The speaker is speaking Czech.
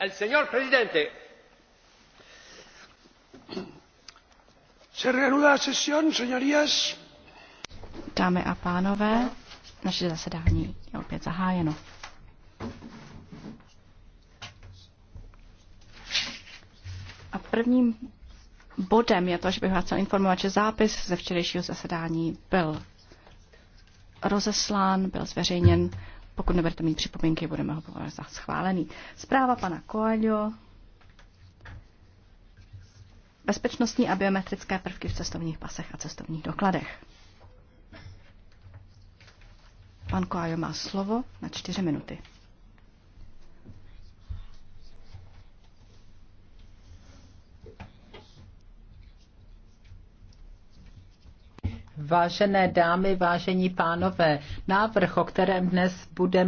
El señor presidente. Se reanuda sesión, señorías. Dámy a pánové, naše zasedání je opět zahájeno. A prvním bodem je to, že bych vás chtěl informovat, že zápis ze včerejšího zasedání byl rozeslán, byl zveřejněn pokud nebudete mít připomínky, budeme ho považovat za schválený. Zpráva pana Koadio. Bezpečnostní a biometrické prvky v cestovních pasech a cestovních dokladech. Pan Koajo má slovo na čtyři minuty. Vážené dámy, vážení pánové, návrh, o kterém dnes budeme